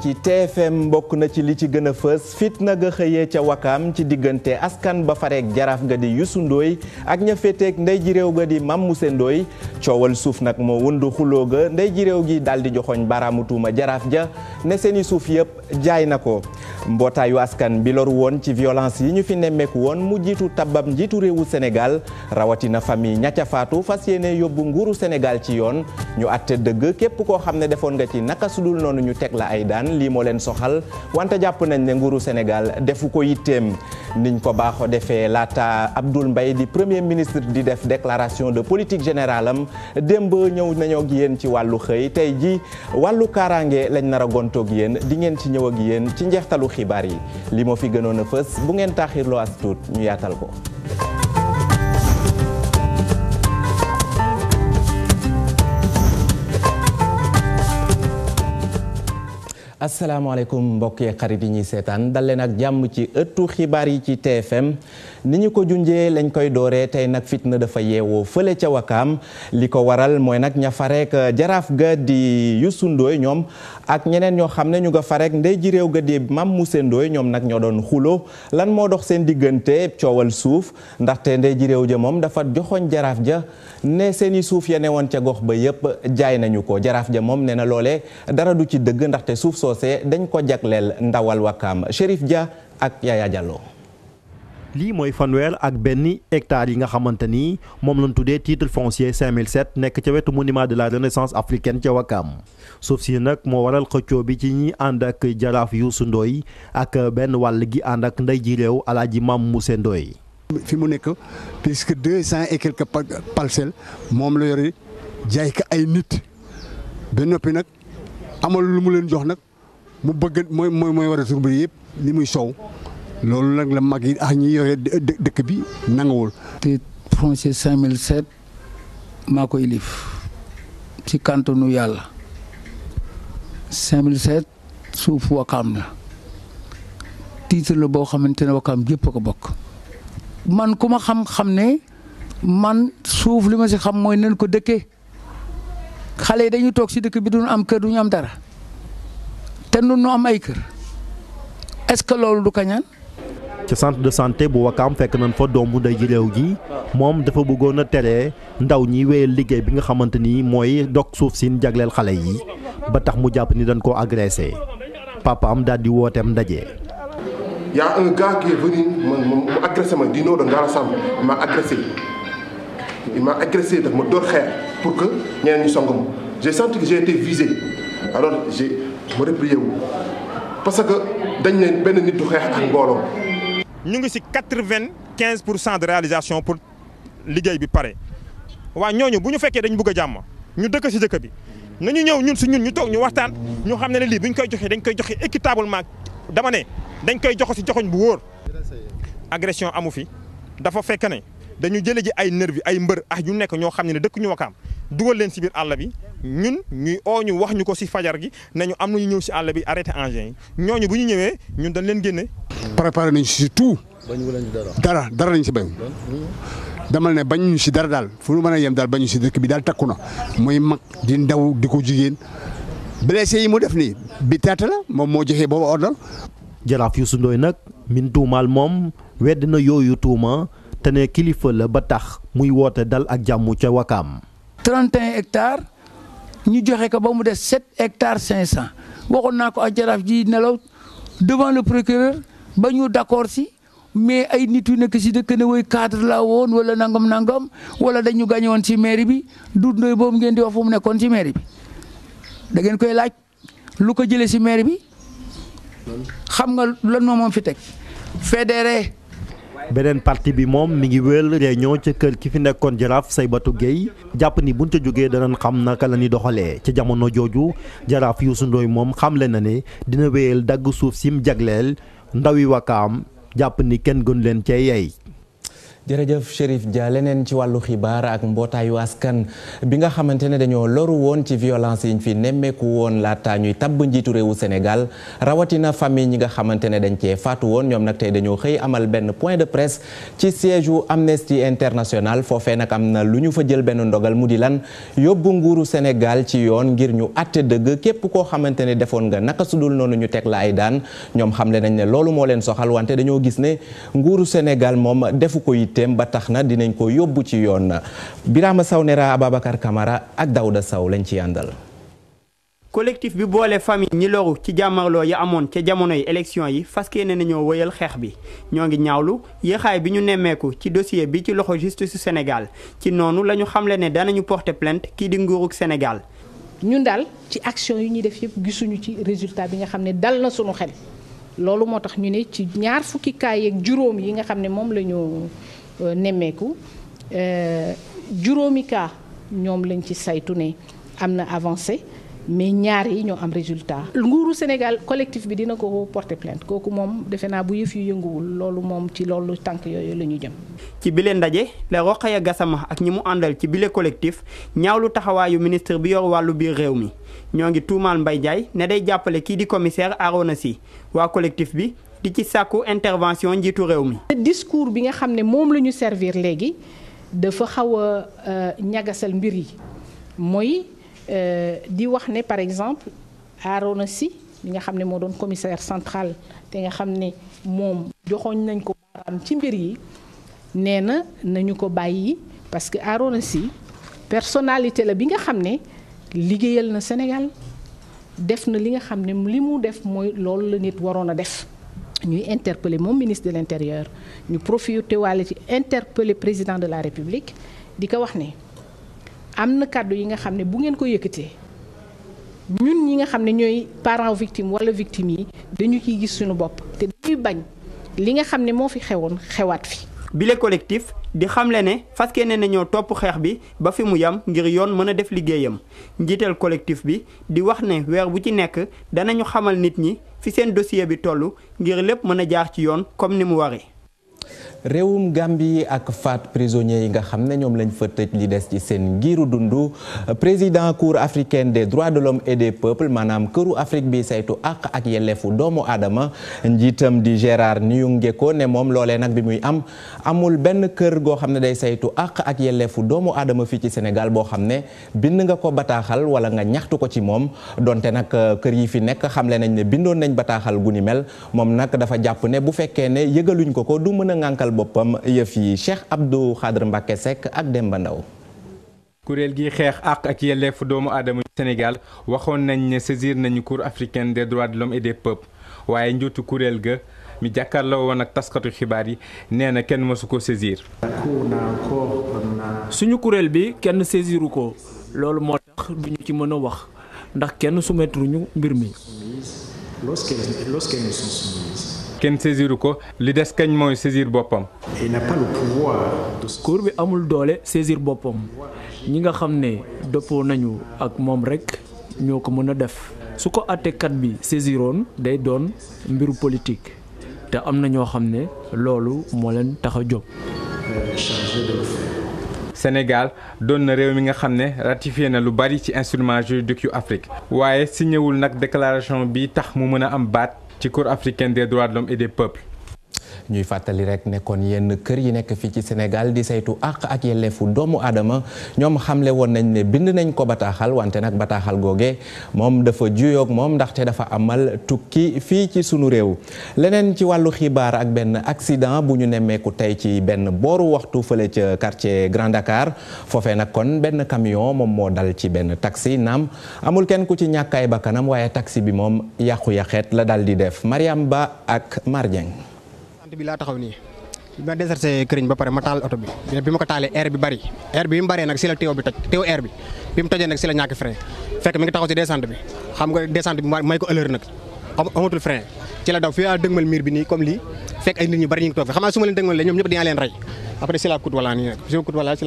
ci TFM mbokk na ci li ci gën a fës fitna ga xëyee ca wakaam ci diggante askan ba fareeg jaraaf nga di Yusu Ndooy ak ña féeteeg ndey ji réew ga di Mam Muse Ndooy coowal suuf nag moo wundu xuloo ga ndey ji réew gi daal di joxoñ baaraamu tuuma jaraaf ja ne seeni suuf yëpp jaay na ko mbootaayu askan bi loru woon ci violence yi ñu fi nemmeeku woon mu jiitu tabab njiitu réewu Sénégal rawatina famille ña ca faatu fas yéene yóbbu nguuru Sénégal ci yoon ñu àtte dëgg képp koo xam ne defoon nga ci naka sudul noonu ñu teg la ay daan lii moo leen soxal wante jàpp nañ ne nguuru Sénégal defu ko yitteem niñ ko baaxoo defee laata Abdoul mbay di premier ministre di def déclaration de politique générale am démb ñëw nañoo ak yéen ci wàllu xëy tey ji wàllu kaaraange lañ nar yéen di ngeen ci ñëw ak yéen ci njeextalu xibaar yi li fi gënoon a fës bu ngeen taaxirloo as ñu yaatal ko. asalaamaaleykum mbokk yi xarit yi ñuy seetaan dal leen ak jàmm ci ëttu xibaar yi ci TFM. ni ñu ko junjee lañ koy dooree tey nag fitna dafa yeewoo fële ca wakaam li ko waral mooy nag ña fareek euh, jaraaf ga di yu sundooy ñoom ak ñeneen ñoo xam ne ñu nga fareek nday ji réew ga di mu Moussa Ndoye ñoom nag ñoo doon xulo lan moo dox seen diggante coowal suuf ndaxte nday ji réew ja moom dafa joxoñ jaraaf ja ne seeni suuf ya ne woon ca gox ba yépp jaay nañu ko jaraaf ja moom nee na loole dara du ci dëgg ndaxte suuf soosee dañ ko jagleel ndawal wakaam Chérif Dia ak Yaya lii mooy fanweer ak benn hectare yi nga xamante ni moom lañ tuddee titre foncier 5007 nekk ca wetu monument de la renaissance africaine ca Wakam suuf si nag moo waral xëccoo bi ci ñi ànd ak jaraaf Youssou Ndoye ak benn wàll gi ànd ak ndey ji réew alaaji Mam Mousse Ndoye fi mu nekk puisque deux cent et quelques parcelles moom la yore jaay ko ay nit ba noppi nag amal lu mu leen jox nag mu bëgg mooy mooy mooy war a tur bi yëpp li muy sow loolu nag la mag yi ah ñi yore dëkk bi nanguwul. te foncier 5007 maa koy ilif ci nu yàlla 5007 suuf wakaam la titre la boo xamante ne wakaam yëpp a ko bokk. man ku ma xam-xam ne man suuf li ma si xam mooy nañ ko dëkke xale yi dañuy toog si dëkk bi duñu am kër duñu am dara te nun nu am ay kër est-ce que loolu du kañaan ci centre de santé bu Wakaam fekk nañ fa doomu ndey ji réew ji moom dafa bëggoon a tere ndaw ñiy wéyal liggéey bi nga xamante ni mooy dog suuf siin jagleel xale yi ba tax mu jàpp ni dañ ko agressé papaam daal di wooteem ndaje. y a un gars qui est mu agressé ma di noo doon Ngara Samb ma agressé il m'a agressé daf ma door xeer pour que ñeneen ñu songam j'ai senti que j'ai été visé alors j'ai ma replié wu parce que dañ ne benn nit du xeex ak mbooloo. ñu ngi si quatre-vingt-quinze pour cent de réalisation pour liggéey bi pare waaw ñooñu bu ñu fekkee dañ bëgg a jàmm ñu dëkk si dëkk bi nañu ñëw ñun si ñun ñu toog ñu waxtaan ñu xam ne ne lii bu ñu koy joxee dañ koy joxe équitablement dama ne dañ koy jox si joxoñ bu wóor. agression amu fi dafa fekk ne dañu jële ji ay nervi ay mbër ah ñu nekk ñoo xam ne ne dëkk ñu wakaam dugal leen si biir àll bi ñun ñuy oo ñu wax ñu ko si fajar gi nañu am nañu ñëw si àll bi arrêté engins yi ñooñu bu ñu ñëwee ñun dañ leen génne. préparé nañ si tout. dara dara lañ si béy. dama ne bañu si dara daal fu nu mën a yem daal bañu si dëkk bi daal takku na muy mag di ndaw di ko jigéen blessé yi mu def nii bi taata la moom moo joxee boobu ordre. jaraaf Youssou Ndoye nag min tuumaal moom wedd na yooyu tuuma te ne kilifa la ba tax muy woote dal ak jàmm ca wakaam. 31 hectares ñu joxe ko ba mu des 7 hectares 500 waxoon naa ko ak jaraaf ji nelaw devant le procureur ba ñu d'accord si mais ay nit yu nekk si dëkk ne woy cadre la woon wala nangam nangam wala dañu gagné si mairie bi dundooy boobu ngeen di wax fu mu nekkoon si mairie bi da ngeen koy laaj lu ko jëlee si mairie bi xam nga lan moom moom fi teg fédéré. beneen parti bi moom mi ngi wéel réunion ca kër ki fi nekkoon jaraaf Saybatu Gueye jàpp ni buñ ca jógee danañ xam naka la ñuy doxalee ca jamono jooju jaraaf Youssou Ndoye moom xamle na ne dina wéyal dagg suuf si mu jagleel ndawi Wakaam jàpp ni kenn gënu leen cee yey jërëjëf Chérif Dia leneen ci wàllu xibaar ak mbootaayu askan bi nga xamante ne dañoo loru woon ci violence yiñ fi nemmeeku woon laata ñuy tabb njiitu réewu Sénégal rawatina famille ñi nga xamante ne dañ cee faatu woon ñoom nag tey dañoo xëy amal benn point de presse ci siège u Amnesty International foofee nag am na lu ñu fa jël benn ndogal mu di lan yóbbu nguuru Sénégal ci yoon ngir ñu àtte dëgg képp koo xamante ne defoon nga naka sudul noonu ñu teg la ay daan ñoom xamle nañ ne loolu moo leen soxal wante dañoo gis ne nguuru Sénégal moom defu ko it yitteem ba tax na dinañ ko yóbbu ci yoon a Birama ne Nera Ababacar Camara ak Daouda saw lañ ci yàndal collectif bi boole famille ñi loru ci jàmmarloo yi amoon ca jamonoy élection yi fas ne nañoo wëyal xeex bi ñoo ngi ñaawlu yéexaay bi ñu nemmeeku ci dossier bi ci loxo justice senegal ci noonu lañu ñu xamle ne danañu porter plainte kii di nguurug senegal ñun daal ci action yi ñuy def yëpp gisuñu ci résultat bi nga xam ne dal na suñu xel loolu moo tax yi nga xam ne moom la nemmeeku euh, juróomi cas ñoom lañ ci saytu ne am na avancé mais ñaar yi ñoo am résultat nguuru Sénégal collectif bi dina ko porté plainte kooku moom defe naa bu yëf yu yënguwul loolu moom ci loolu tànk yooyu la ñu jëm ci bile ndaje la Rokhaya Gassama ak ñi mu àndal ci bile collectif ñaawlu taxawaayu ministre bi yor wàllu biir réew mi ñoo ngi tuumaal mbay jaay ne day jàppale kii di commissaire Arona Sy waa collectif bi di ci sàkku intervention njiitu réew mi. discours bi nga xam ne moom la ñu servir léegi dafa xaw a euh, ñagasal mbir yi mooy euh, di wax ne par exemple Arona si bi nga xam ne moo doon commissaire central te nga xam ne moom joxoon nañ ko baaraam ci mbir yi nee na nañu ko bàyyi parce que Arona Sy personnalité la bi nga xam ne liggéeyal na Sénégal def na li nga xam ne li mu def mooy loolu la nit waroon a def ñuy interpeller moom ministre de l'intérieur ñu profité waale ci interpeller président de la république di ko wax ne am na kàddu yi nga xam ne bu ngeen ko yëkkatee ñun ñi nga xam ne ñooy parents victime wala victime yi dañu ciy gis suñu bopp te dañuy bañ li nga xam ne moo fi xewoon xewaat fi. bile collectif di xamle ne fas yéene nañoo topp xeex bi ba fi mu yam ngir yoon mën a def liggéeyam njiital collectif bi di wax ne weer bu ci nekk danañu xamal nit ñi. fi seen dossier bi toll ngir lépp mën a jaar ci yoon comme ni mu waree. réewum Gambie ak faat prisonniers yi nga xam ne ñoom lañ fa tëj li des ci seen ngiru dundu président cour africain des droits de l'homme et des peuples maanaam këru Afrique bi saytu ak yelleefu doomu aadama njiitam di Gérard Niyung Gekko ne moom loolee nag bi muy am amul benn kër goo xam ne day saytu àq ak yelleefu doomu aadama fii ci Sénégal boo xam ne bind nga ko bataaxal wala nga ñaxtu ko ci moom donte nag euh, kër yi fi nekk xamle nañ ne bindoon nañ bataaxal gu ni mel moom nag dafa jàpp ne bu fekkee ne yëgaluñ ko ko du mën a ŋànkal boppam yëf yi Cheikh Abdou Khadre Mbacké Seck ak Demba Ndaw kuréel gi xeex àq ak yelleefu doomu aadama Sénégal waxoon nañ ne saisir nañu cour africaine des droits de l'homme waaye njuutu kuréel ga mi jàkkaarloo woon ak taskatu xibaar yi nee na kenn mësu ko saisir. suñu kuréel bi kenn saisiru ko loolu moo tax duñu ci mën a wax ndax kenn soumettre ñu mbir mi. kenn saisiru ko li des kañ mooy saisir boppam. cour bi amul doole saisir boppam ñi nga xam ne dëppoo nañu ak moom rekk ñoo ko mën a def. su ko àttekat bi saisiroon day doon mbiru politique te am na ñoo xam ne loolu moo leen tax a jóg. Sénégal doon na réew mi nga xam ne ratifié na lu bari ci instruments juridiques yu Afrique waaye signéwul nag déclaration bi tax mu mën a am baat ci Cour africaine des droits de l'homme et ñuy fàttali rek nekkoon yenn kër yi nekk fii ci Sénégal di saytu àq ak yelleefu doomu aadama ñoom xamle woon nañ ne bind nañ ko bataaxal wante nag bataaxal googe moom dafa juyoog moom ndaxte dafa amal tukki fii ci sunu réew leneen ci wàllu xibaar ak benn accident bu ñu nemmeeku tey ci benn booru waxtu fële ca quartier Grand Dakar foofee nag kon benn camion moom moo dal ci benn taxi naam amul kenn ku ci ñàkkaay bakkanam waaye taxi bi moom yàqu-yàqeet la dal di def Mariam Ba ak Mar porte bi laa taxaw nii bi ma déserté këriñ ba pare ma taal oto bi bi ma ko taalee air bi bari air bi mu baree nag si la teew bi toj teew air bi bi mu tojee nag si la ñàkk frein fekk mi ngi taxaw si descente bi xam nga descente bi may ko heure nag amatul frein ci la daw fii a dëgmal miir bi nii comme lii fekk ay nit ñu bari ñu ngi toog fi xam naa su ma leen dëgmalee ñoom ñëpp dinaa leen rey après si la kut wala nii nag si la kut wala si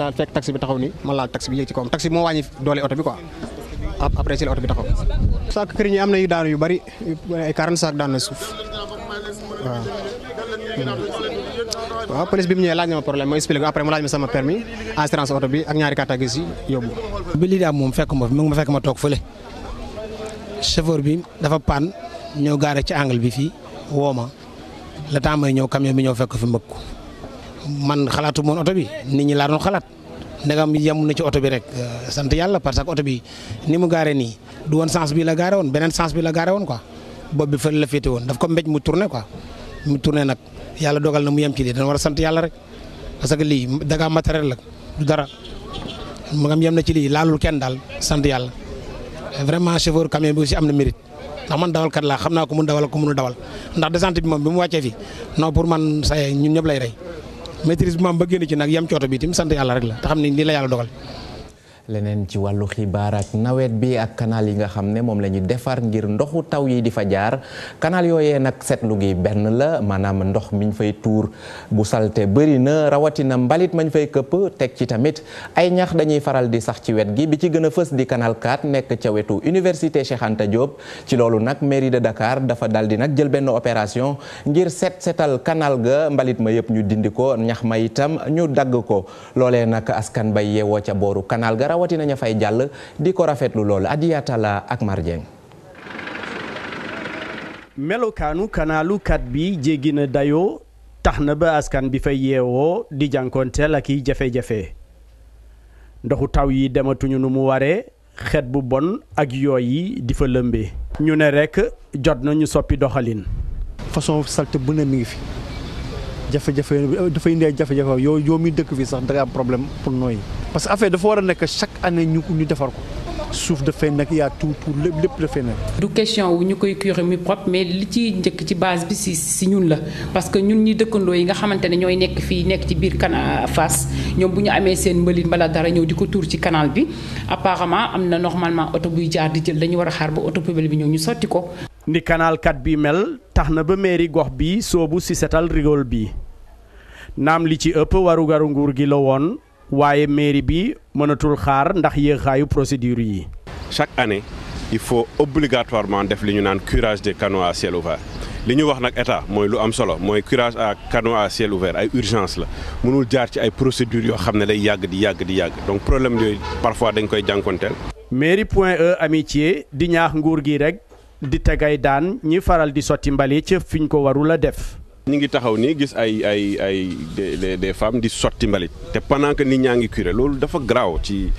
waaw police bi mu ñëwee laaj na ma problème ma sama permis assurance oto bi ak ñaari carte grise yi bi lii daal moom fekk ma fi mu ngi ma fekk ma toog fële chauffeur bi dafa paan ñëw gaare ci angle bi fii woo ma le temps may ñëw camion bi ñëw fekk fi mbëkk man xalaatu moon oto bi nit ñi laa doon xalaat ndegam yem na ci oto bi rek euh, sant yàlla parce que oto bi ni mu gaare nii du woon sens bi la gaare woon beneen sens bi la gaare woon quoi bopp bi fële la féete woon daf ko mbéj mu tourné quoi. mu tourné nag yàlla dogal na mu yem ci lii dana war a sant yàlla rek parce que lii daga matériel la du dara mu ngam yem na ci lii laalul kenn daal sant yàlla vraiment chauffeur camion bi aussi am na mérite ndax man dawalkat laa xam naa ko mun dawal ko mënu dawal ndax descente bi moom bi mu wàccee fi non pour man saye ñun ñëpp lay rey maîtrise bi moom ba génn ci nag yem cooto bi tim sant yàlla rek la te xam ne lii la yàlla dogal leneen ci wàllu xibaar ak nawet bi ak canal yi nga xam ne moom la ñu defar ngir ndoxu taw yi di fa jaar kanal yooyee nag seetlu gi benn la maanaam ndox miñ fay tuur bu salte bëri na rawatina mbalit mañ fay këpp teg ci tamit ay ñax dañuy faral di sax ci wet gi bi ci gën a fës di kanal kaat nekk ca wetu université Cheikh Anta ci loolu nag mairie de Dakar dafa dal di nag jël benn opération ngir set setal canal ga mbalit ma yëpp ñu dindi ko ñax ma itam ñu dagg ko loolee nag askan bay yeewoo ca booru canal ga rawatina fay jàll di ko rafetlu lool Adiyatala ak Mar melokaanu kanaalu kat bi jéggi na dayoo tax na ba askan bi fay yeewoo di jànkoonteel ak i jafe-jafe ndoxu taw yi dematuñu nu mu waree xet bu bon ak yooy yi di fa lëmbee. ñu ne rekk jot nañu soppi doxalin. façon salte mi ngi fi. jafe-jafe dafay indi yoo yoo muy dëkk fii sax da am problème pour nooyi parce que affaire dafa war a nekk chaque année ñu ñu defar ko suuf dafay nekk yaa tout tout lépp lépp dafay nekk. du question wu ñu koy curé muy propre mais li ci njëkk ci base bi si si ñun la parce que ñun ñi dëkkandoo yi nga xamante ne ñooy nekk fii nekk ci biir Cana fas ñoom bu ñu amee seen mbalit mbala dara ñëw di ko tuur ci canal bi apparemment am na normalement oto buy jaar di jël dañu war a xaar ba oto bi ñëw ñu sotti ko. ni canal 4 bi mel tax na ba mairie gox bi soobu si setal rigol bi naam li ci ëpp warugaru nguur gi la woon waaye mairie bi mënatul xaar ndax yéexaayu procédure yi. chaque année il faut obligatoirement def li ñu naan curage des canaux ciel ouvert li ñu wax nag état mooy lu am solo mooy curage à canaux à ciel ouvert ay urgence la mënul jaar ci ay procédures yoo xam ne day yàgg di yàgg di yàgg donc problème yooyu parfois dañ koy jànkonteel. mairie point E amitié di ñaax nguur gi rek. di tegay daan ñi faral di sotti mbalit ci fiñ ko warul a def. ñu ngi taxaw nii gis ay ay ay des des femmes di sotti mbalit te pendant que nit ñaa ngi curé loolu dafa graaw ci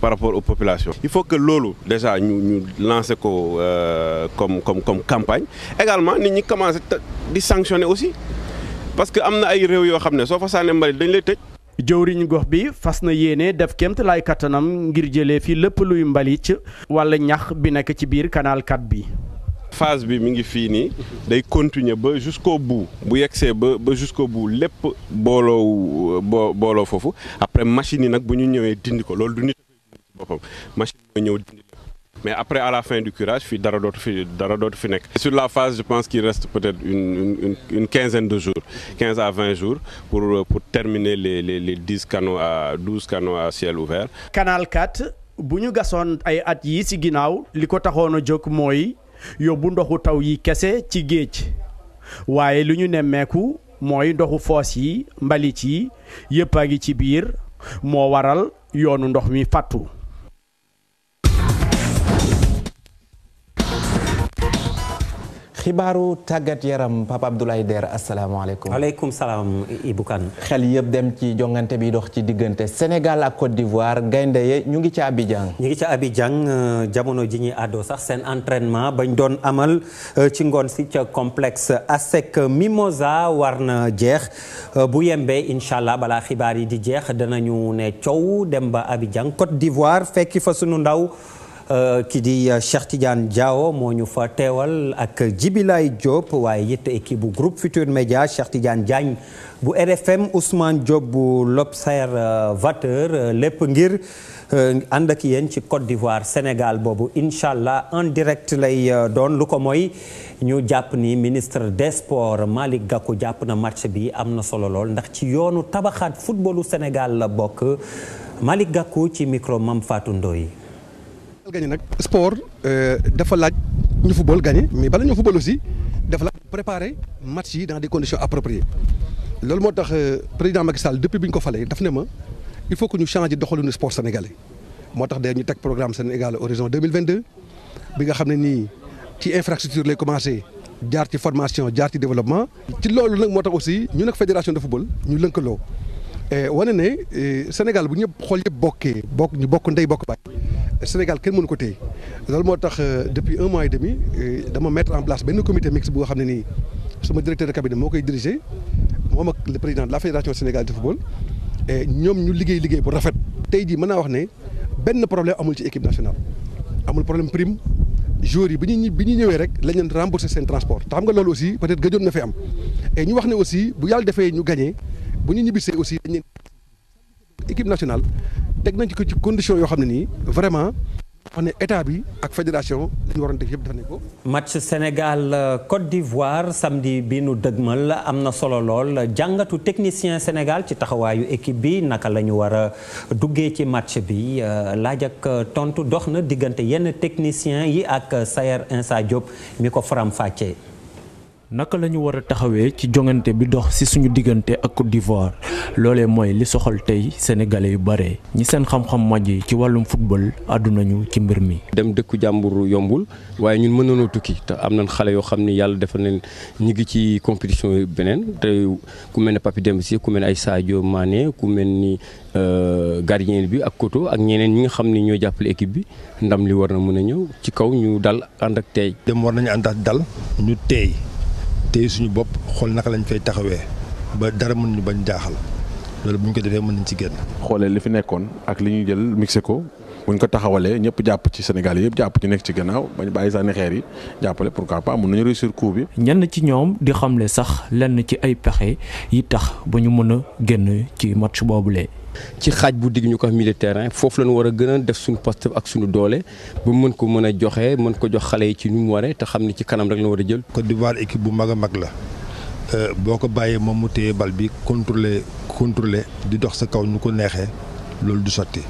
par rapport aux populations. il faut que loolu déjà ñu ñu lancer ko euh, comme comme comme campagne également nit ñi commencer di sanctionner aussi parce que am na ay réew yoo xam ne soo fa sànnee mbalit dañ lay tëj. jëwriñ gox bi fas na yéene def kemt lay kattanam ngir jëlee fi lépp luy mbalit wala ñax bi nekk ci biir canal 4 bi. phase bi mu ngi fii nii day continuer ba jusqu'au bout bu yegsee ba ba jusqu'au bout lépp booloo bo booloo foofu après machine yi nag bu ñu ñëwee dindi ko loolu du nit boppam machine mais après à la fin du curage fi dara dootu fi dara dootu fi nekk. sur la phase je pense qu'il reste peut-être une une une quinzaine de jours quinze à vingt jours pour pour terminer les les les dix canaux à douze canaux à ciel ouvert. canal 4 bu ñu gasoon ay at yi ci ginnaaw li ko taxoon a jóg mooy yóbbu ndoxu taw yi kese ci géej waaye li ñu nemmeeku mooy ndoxu foos yi mbalit yi yépp a ngi ci biir moo waral yoonu ndox mi fàttu. xibaaru tàggat yaram Pape Abdoulaye Der asalaamaaleykum. waaleykum salaam Ibou Kane. xel yëpp dem ci jongante bi dox ci diggante Sénégal ak Côte d'Ivoire gaynde ye ñu ngi ca Abidjan. ñu ngi ca Abidjan euh, jamono ji ñuy àddoo sax seen entrainement bañ doon amal euh, ci ngoon si ca complexe ASEC Mimosa war na jeex euh, bu yembee incha allah balaa xibaar yi di jeex danañu ne cow dem ba Abidjan Côte d'Ivoire fekki fa sunu ndaw. Euh, ki di euh, Cheikh Tidiane Diawo moo ñu fa teewal ak jibilaay Diop waaye it équipe bu groupe Futur Média Cheikh Tidiane Diagne bu RFM Ousmane Diop bu l'Observateur euh, lépp ngir ànd ak yéen ci Côte d'Ivoire Sénégal boobu incha allah en direct lay doon lu ko mooy ñu jàpp ni ministre des sports gàkku jàpp na match bi am na solo lool ndax ci yoonu tabaxaat footballu Sénégal la bokk Malick Gakou ci micro Mam Fatou yi gañe nag sport euh, dafa laaj ñu football gañe mais bala ñu football aussi dafa laaj préparer match yi dans des conditions appropriées loolu moo tax euh, président Macky Sall depuis bi ñu ko falee daf ne ma il faut que ñu changer doxalinu sport sénégalais moo tax day ñu teg programme Sénégal horizon 2022 bi nga xam ne nii ci infrastructure lay commencé jaar ci formation jaar ci développement. ci loolu nag moo tax aussi ñu nag fédération de football ñu lëkkaloo. Eh, wane ne eh, Sénégal bu ñëpp xool yëpp bokkee bokk ñu bokk ndey bokk baay Sénégal kenn mënu ko téye loolu moo tax eh, depuis un mois et demi dama mettre en place benn comité mixte bu xam ne nii sama directeur de cabinet moo koy diriger moom ak le président de la fédération sénégalaise de football ñoom ñu liggéey liggéey bu rafet. tey jii mën naa wax ne benn problème amul ci équipe nationale amul problème prime joueurs yi bi ñu bi ñu ñëwee rek lañ leen rembourser seen transport te xam nga peut-être gëjoon na fi ñu wax ne aussi bu yàlla defee ñu gagné. bu ñu ñibbisee aussi dañ national équipe teg nañ ko ci condition yoo xam ne nii vraiment wax ne état bi ak fédération lañu ñu waroon def yëpp def nañ ko. match Sénégal Côte d'Ivoire samedi bi nu dëgmal am na solo lool jàngatu technicien Sénégal ci taxawaayu équipe bi naka la ñu war a duggee ci match bi euh, laaj ak tontu dox na diggante yenn technicien yi ak Sayer Insa Diop mi ko faram-fàccee. naka la ñu war a taxawee ci jongante bi dox ci suñu diggante ak Côte d'Ivoire loolee mooy li soxal tey sénégalais yu bare ñi seen xam-xam màjj ci wàllum football ñu ci mbir mi. dem dëkku jàmbur yombul waaye ñun mën mënoonoo tukki te am nañ xale yoo xam ni yàlla defal nañ ñu ngi ci compétition yu beneen te ku mel ne Papi Demba Cissé ay Sadio Mané ku mel ni euh, gardien bi ak Koto ak ñeneen ñi nga xam ni ñoo jàppale équipe bi ndam li war na mën a ñëw ci kaw ñu dal ànd ak tey. dem war nañu ànd ak dal ñu tey tey suñu bopp xool naka lañ fay taxawee ba dara mën ñu bañ jaaxal loolu bu ñu ko defee mën nañ ci génn. xoolee li fi nekkoon ak li ñuy jël mixé ko bu ñu ko taxawalee ñëpp jàpp ci Sénégal yëpp jàpp ci nekk ci gannaaw bañ bàyyi sànni xeer yi jàppale pourquoi pas mun nañu réussir coup bi. ñenn ci ñoom di xamle sax lenn ci ay pexe yi tax ba ñu mën a génn ci match boobule. ci xaaj bu digg ñu ko milieu de terrain foofu lañu war a gën a def suñu poste ak suñu doole ba mën ko mën a joxee mën ko jox xale yi ci nu mu waree te xam ni ci kanam rek la war a jël. Côte d'Ivoire équipe bu mag a mag la euh, boo ko bàyyee moom mu téye bal bi contrôler contrôler di dox sa kaw ñu ko neexee loolu du sotti.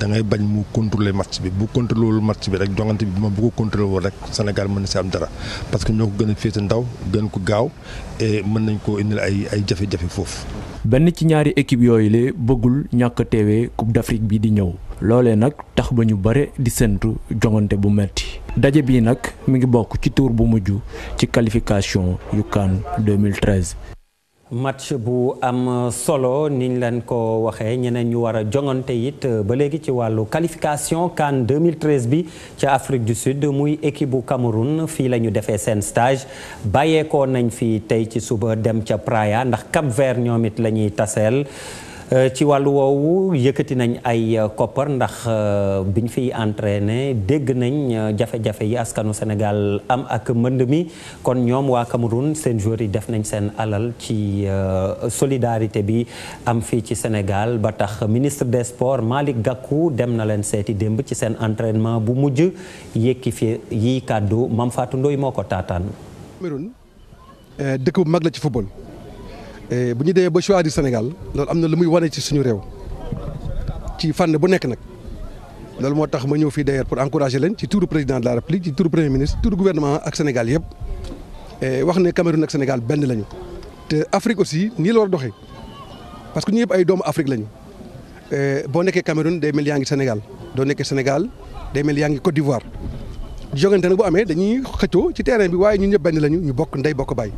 da ngay bañ mu contrôler match bi bu contrôler wul match bi rek jongante bi ma bu ko contrôler wul rek Sénégal mën na si am dara parce que ñoo ko gën a féete ndaw gën ko gaaw mën nañ koo indil ay ay jafe-jafe foofu. benn ci ñaari équipe yooyu la bëggul ñàkk a teewee Coupe d'Afrique bi di ñëw loolee nag tax ba ñu bare di séntu jongante bu metti daje bii nag mu ngi bokk ci tour bu mujj ci qualification yu CAN 2013. match bu am solo niñ leen ko waxee ñeneen ñu war a jongante it euh, ba léegi ci wàllu qualification CAN 2013 bi ca Afrique du Sud muy équipe bu Cameroun fii la ñu defee seen stage bàyyeekoo nañ fi tey ci suba dem ca praya ndax Cap Vert ñoom it la ñuy taseel Euh, ci wàllu woowu yëkkati nañ ay euh, koppar ndax euh, biñ fiy entraîné dégg nañ jafe-jafe yi askanu Sénégal am ak mbënd mi kon ñoom waa Cameroun seen joueurs yi def nañ seen alal ci solidarité bi am fii ci senegal ba tax ministre de sports Malick gàkku dem na leen seeti démb ci seen entraînement bu mujj yëkki fi yi kàddu mam Fatou Ndoye moo ko taataan. dëkk bu mag la ci football. Eh, bu ñu dee ba choix du Sénégal loolu am na lu muy wane ci suñu réew ci fànn bu nekk nag loolu moo tax ma ñëw fii d'ailleurs pour encourager leen ci tour président de la république ci turu premier ministre turu gouvernement ak Sénégal yëpp eh, wax ne Cameroun ak Sénégal benn lañu. te Afrique aussi nii la war a doxee parce que ñu yëpp ay doomu Afrique lañu eh, boo nekkee Cameroun day mel yaa ngi Sénégal doo nekkee Sénégal day mel yaa ngi Côte d'Ivoire jogante nag bu amee dañuy xëccoo ci terrain bi waaye ñun ñëpp benn lañu ñu bokk ndey bokk baay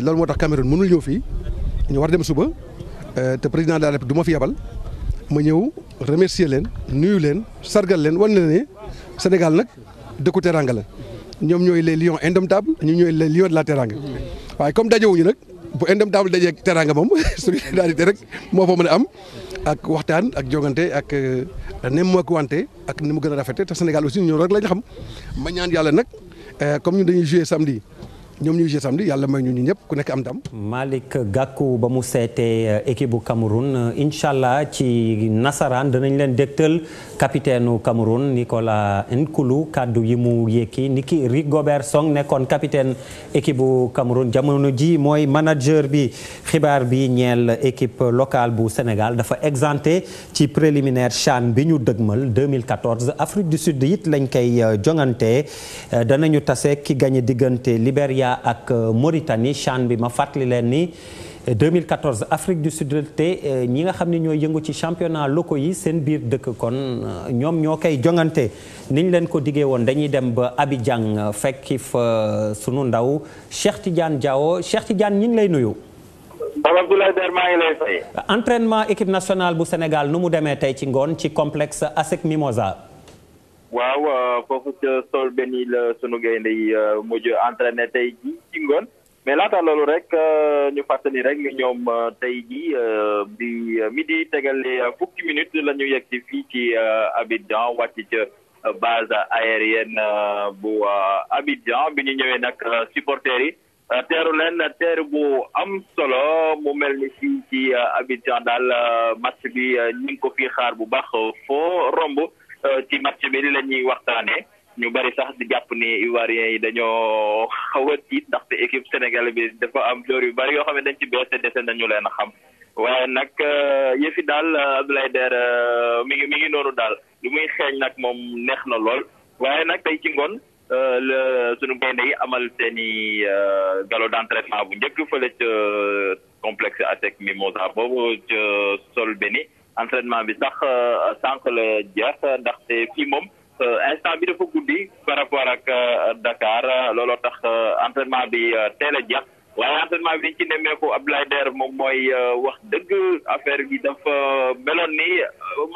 loolu moo tax Cameroun mënul ñëw fii. ñu war dem suba euh, te président de du ma fi yabal ma ñëw remercier leen nuyu leen sargal leen wan na ne Sénégal nag dëkku teranga la ñoom ñooy lion lions indomptables ñu ñooy les lions de la teranga waaye comme dajewuñu nag bu indomptable dajee teranga moom solidarité rek moo fa mën a am ak waxtaan ak jogante euh, ak wante ak ni mu gën a rafetee te Sénégal aussi ñoo rek lañ xam ma ñaan yàlla nag euh, comme ñu dañuy jouer samedi. ñoom ñuy joué samedi yàlla may ñu ñu ñëpp ku nekk am ndam. Malick gàkku ba mu seetee euh, équipe bu Cameroun euh, incha allah ci nasaraan danañ leen dégtal capitaine u Cameroun Nicolas Nkoulou kaddu yi mu yékki ni ki Rigobert Song nekkoon capitaine équipe bu Cameroun jamono ji mooy manager bi xibaar bi ñeel équipe local bu Sénégal dafa exempté ci préliminaire CHAN bi ñu dëgmal 2014 Afrique du Sud it lañ koy euh, jongante danañu tase ki gagné diggante Libéria. Libya ak euh, Mauritanie CHAN bi ma fàttali leen ni 2014 euh, Afrique du Sud te euh, ñi nga xam ne ñooy yëngu ci championnat locaux yi seen biir dëkk kon ñoom ñoo koy jongante niñ leen ko diggee woon dañuy dem ba Abidjan fekki fa sunu ndaw Cheikh Tidiane Diawo Cheikh Tidiane ñi ngi lay nuyu. Pape équipe nationale bu Sénégal nu mu demee tey ci ngoon ci complexe ASEC Mimosa. waaw euh, foofu ca sol benn la euh, sunu gaynde yi euh, mujj entraîné tey ji ci ngoon mais laata loolu rek ñu fàttali rek ni ñoom tey ji bi mi midi tegale fukki minutes la ñu yegg ci fii ci Abidjan wàcc ca base aérienne bu Abidjan bi ñu ñëwee nag supporters yi teeru leen teer bu am solo mu mel ni fii ci Abidjan daal match bi ñu ngi ko fii xaar bu baax foo romb. ci match bi la ñuy waxtaanee ñu bari sax di jàpp ni Ivoiriens yi dañoo xaw a tiit ndaxte équipe Sénégal bi dafa am joueur yu bari yoo xam ne dañ ci bees te dese nañu leen a xam waaye nag euh, yëfi daal euh, Abdoulaye Der euh, mi ngi mi ngi noonu daal lu muy xeeñ nag moom neex na lool waaye nag tey ci ngoon la sunu gaynde yi amal seen i galop d'entraînement bu njëkk fële ca complexe ASEC Mimosa boobu sol Solbeni entraînement bi sax euh, sànq la jeex ndaxte fii moom euh, instant bi dafa guddi par rapport ak euh, Dakar looloo tax entraînement bi teel a jeex waaye entraînement bi dañ ci nemmeeku Abdoulaye Der moom mooy wax dëgg affaire bi dafa meloon ni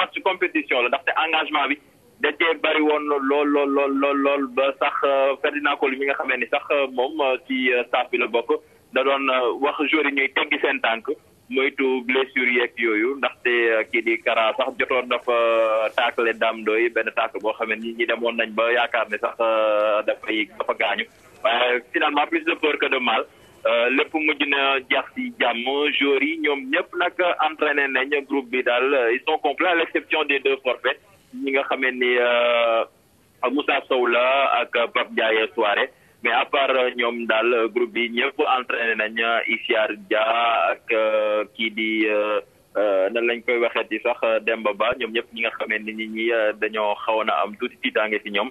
match compétition la ndaxte engagement bi da bari woon lool lool lool lool ba sax Ferdinand Coly mi nga xamee ni sax moom ci staff bi la bokk da doon wax joueurs yi ñuy teggi seen tànk. moytu blessure yeeg yooyu ndaxte euh, kii di Kara sax jotoon na fa euh, taakale Dame Ndoye benn taakle boo xam ne nit ñi demoon nañ ba yaakaar ne sax euh, dafay dafa gaañu waaye finalement plus de peur que de mal lépp mujj na jeex ci jàmm joueurs yi ñoom ñëpp nag entraîné nañ groupe bi daal ils sont complets à l'exception des deux forfaits ñi nga xamee ni Moussa Sow la ak Pape Ndiaye Souaré mais à part euh, ñoom daal euh, groupe bi ñëpp entraîné nañ euh, Isiar Dia ak kii di nan lañ koy waxee ci sax Demba Ba ñoom ñëpp ñi nga xamee ni nit ñi dañoo xawoon a am tuuti tiitaange ci ñoom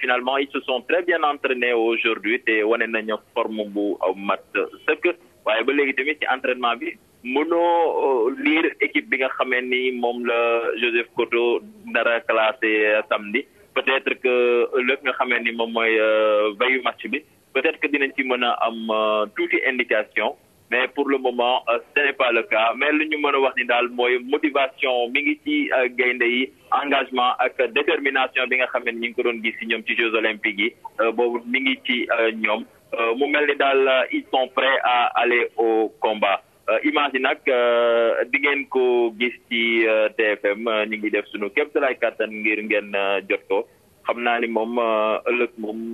finalement ils se sont très bien entraînés aujourd'hui te wane nañ forme bu mat sëkk waaye ba léegi tamit ci entraînement bi mënoo lire équipe bi nga xamee ni moom la Joseph Koto dara classé samedi. peut-être que lépp nga xamee ni moom mooy euh, veyu match bi peut-être que dinañ ci mën a am euh, tuuti indication mais pour le moment euh, ce n'est pas le cas mais lu ñu mën a wax ni daal mooy motivation mi ngi ci gaynde yi engagement ak détermination bi nga xamee ni ñu ngi ko doon gis ci ñoom ci Jeux olympiques yi boobu mi ngi ci ñoom mu mel ni daal il sont prêts à aller au combat Euh, image yi nag euh, di ngeen ko gis ci euh, TFM ni ngi def sunu képp lay kàttan ngir ngeen jot ko xam naa ni moom ëllëg moom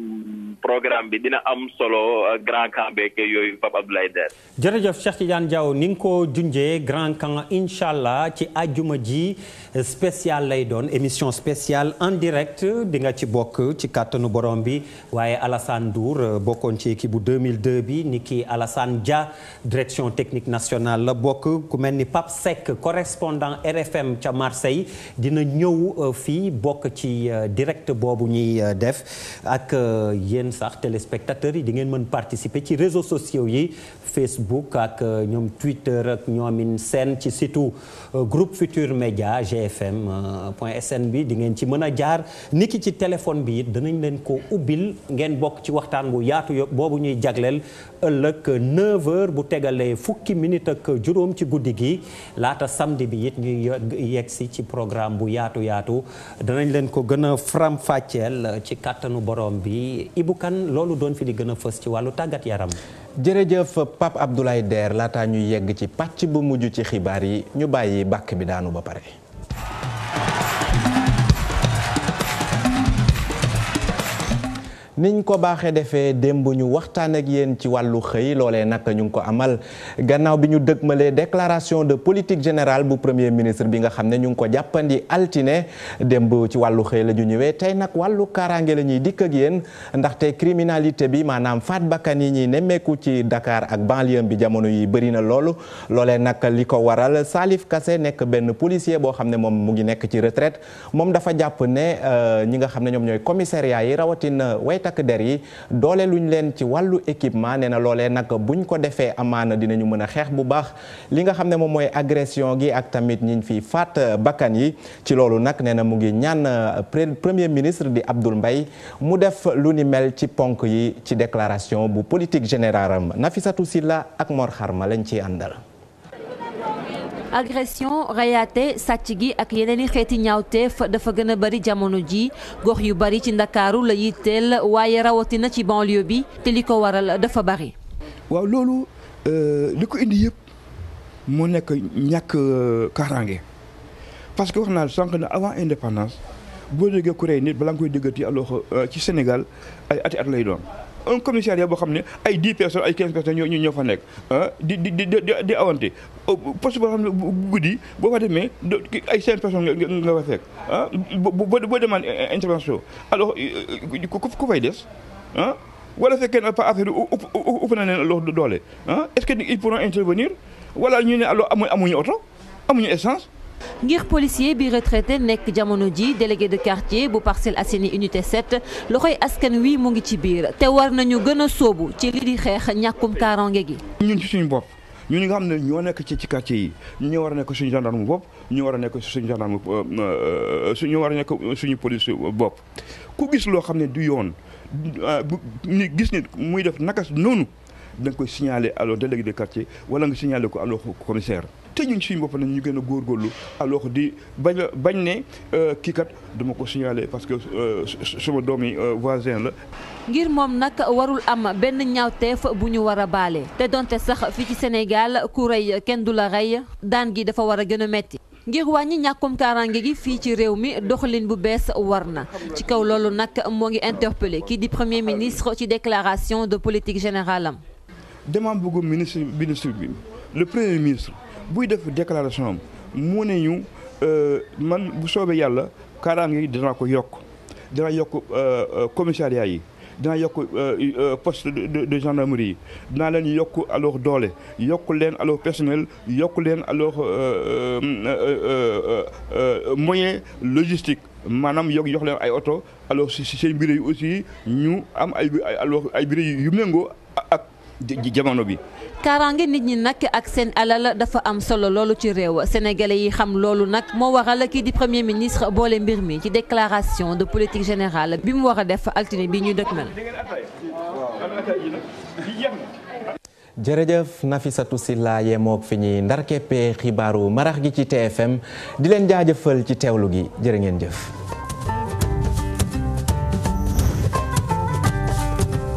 programme bi dina am solo grand camp beeg yooyu Pape Abdoulaye Der. jërëjëf Cheikh Tidiane Diaw ni nga ko junjee grand camp incha allah ci àjjuma ji. spécial lay doon émission spéciale en direct di nga ci bokk ci kàttanu borom bi waaye Alassane Dour bokkoon ci équipe bu 2002 bi ni ki Alassane Dia direction technique nationale la bokk ku mel ni Pape Seck correspondant RFM ca Marseille dina ñëw fii bokk ci direct boobu ñuy def ak yéen sax téléspectateurs yi di ngeen mën participer ci réseaux sociaux yi Facebook ak ñoom Twitter ak ñoomin seen ci surtout groupe Futur Média tfm euh, point sn bi di ngeen ci mën a jaar niki ci téléphone bi it danañ leen ko ubbil ngeen bokk ci waxtaan bu yaatu boobu ñuy jagleel ëllëg 9 bu tegalee fukki minute ak juróom ci guddi gi laata samedi bi it ñuy yegsi ci programme bu yaatu yaatu danañ leen ko gën a faram-fàcceel ci kàttanu borom bi Ibou loolu doon fi di gën a fës ci wàllu tàggat yaram jërëjëf Pape Abdoulaye Der laataa ñu yegg ci pàcc bu mujj ci xibaar yi ñu bàyyi bàkk bi daanu ba pare Bye. niñ ko baaxee defee démb ñu waxtaan ak yéen ci wàllu xëy loolee nag ñu ngi ko amal gannaaw bi ñu dëgmalee déclaration de politique générale bu premier ministre bi nga xam ne ñu ngi ko jàppandi altine démb ci wàllu xëy la ñu ñëwee tey nag wàllu kaaraange la ñuy dikk ak yéen ndaxte criminalité bi maanaam faat bakkan yi ñuy nemmeeku ci dakaar ak banlieue bi jamono yi bëri na loolu loolee nag li ko waral Salif kase nekk benn policier boo xam ne moom mu ngi nekk ci retraite moom dafa jàpp ne euh, ñi nga xam ne ñoom ñooy commissariat yi rawatina takk der yi doole luñ leen ci wàllu équipement nee na loolee nag buñ ko defee amaana dinañu mën a xeex bu baax li nga xam ne moom mooy agression gi ak tamit ñiñ fi faat bakkan yi ci loolu nag nee na mu ngi ñaan premier ministre di Abdoul mbay mu def lu ni mel ci ponk yi ci déclaration bu politique générale am Nafisatou Silla ak Mor Xarma lañ ci àndal agression rayaate sàcc gi ak yeneen i xeeti ñaawteef dafa gën a bari jamono ji gox yu bari ci ndakaaru la yitteel waaye rawatina ci banlieue bi te li ko waral dafa bari. waaw loolu euh, li ko indi yëpp moo nekk ñàkk euh, kaaraange parce que wax naa sànq na avant indépendance boo déggee ku rey nit balaa nga koy déggati alors euh, ci Sénégal ay ati at lay doon. un commissariat boo xam ne ay dix personnes ay quinze personnes ñoo ñoo fa nekk ah, di di di di awante oh, poste boo xam ne guddi boo fa demee ay cinq personnes nga fa fekk ah boo boo demande intervention alors euh, ku fay des ah wala fekkee na pas affaire upp na leen loolu doole ah est-ce que ils pourront intervenir wala ñu ne alors amuñu amuñu oto amuñu essence ngir policier bi retraité nekk jamono ji délégué de quartier bu Parcelles Assainies unité 7 loxoy askan wi mu ngi ci biir te war nañu gën a sóobu ci li di xeex ñàkkum kaaraange gi. ñun si suñu bopp ñun ñi nga xam ne ñoo nekk ci ci quartier yi ñu war a nekk suñu gendarme bopp ñu war a nekk suñu gendarme euh, suñu war a nekk suñu police bopp ku gis loo xam ne du yoon euh, gis nit muy def nakas noonu. da nga koy signaler alors délégué de quartier wala nga signaler ko alors commissaire te ñun suñu bopp nañ ñu gën a góorgóorlu alors di bañ bañ ne euh, kii kat dama ko signaler parce que euh, sama doomi euh, voisin la. ngir moom nag warul am benn ñaawteef bu ñu war a baale te donte sax fii ci Sénégal ku rey kenn du la rey daan gi dafa war a gën a metti ngir wàññi ñàkkum kaaraange gi fii ci réew mi doxalin bu bees war na ci kaw loolu nag moo ngi interpellé kii di premier ministre ci déclaration de politique générale am. dama bëgg ministre ministre bi le premier ministre buy def déclaration am mu ne ñu euh, man bu soobee yàlla kaaraange yi dina ko yokk dina yokk euh, euh, commissariat yi dina yokk post de gendarmerie yi dinaa leen yokk alors doole yokk leen alors personnel yokk leen alors moyen logistique maanaam yokk yox leen ay oto alors si seen mbir yi aussi ñu am ay alors ay mbir yu méngoo jamono bi. kaaraange nit ñi nag ak seen alal dafa am solo loolu ci réew sénégalais yi xam loolu nag moo waral kii di premier ministre boole mbir mi ci déclaration de politique générale bi mu wax a def altine bi ñu dëkk mel. jërëjëf Nafisatou Silla yemook fi ñuy ndarkeppee xibaaru marax gi ci TFM di leen jaajëfal ci teewlu gi jërë ngeen jëf.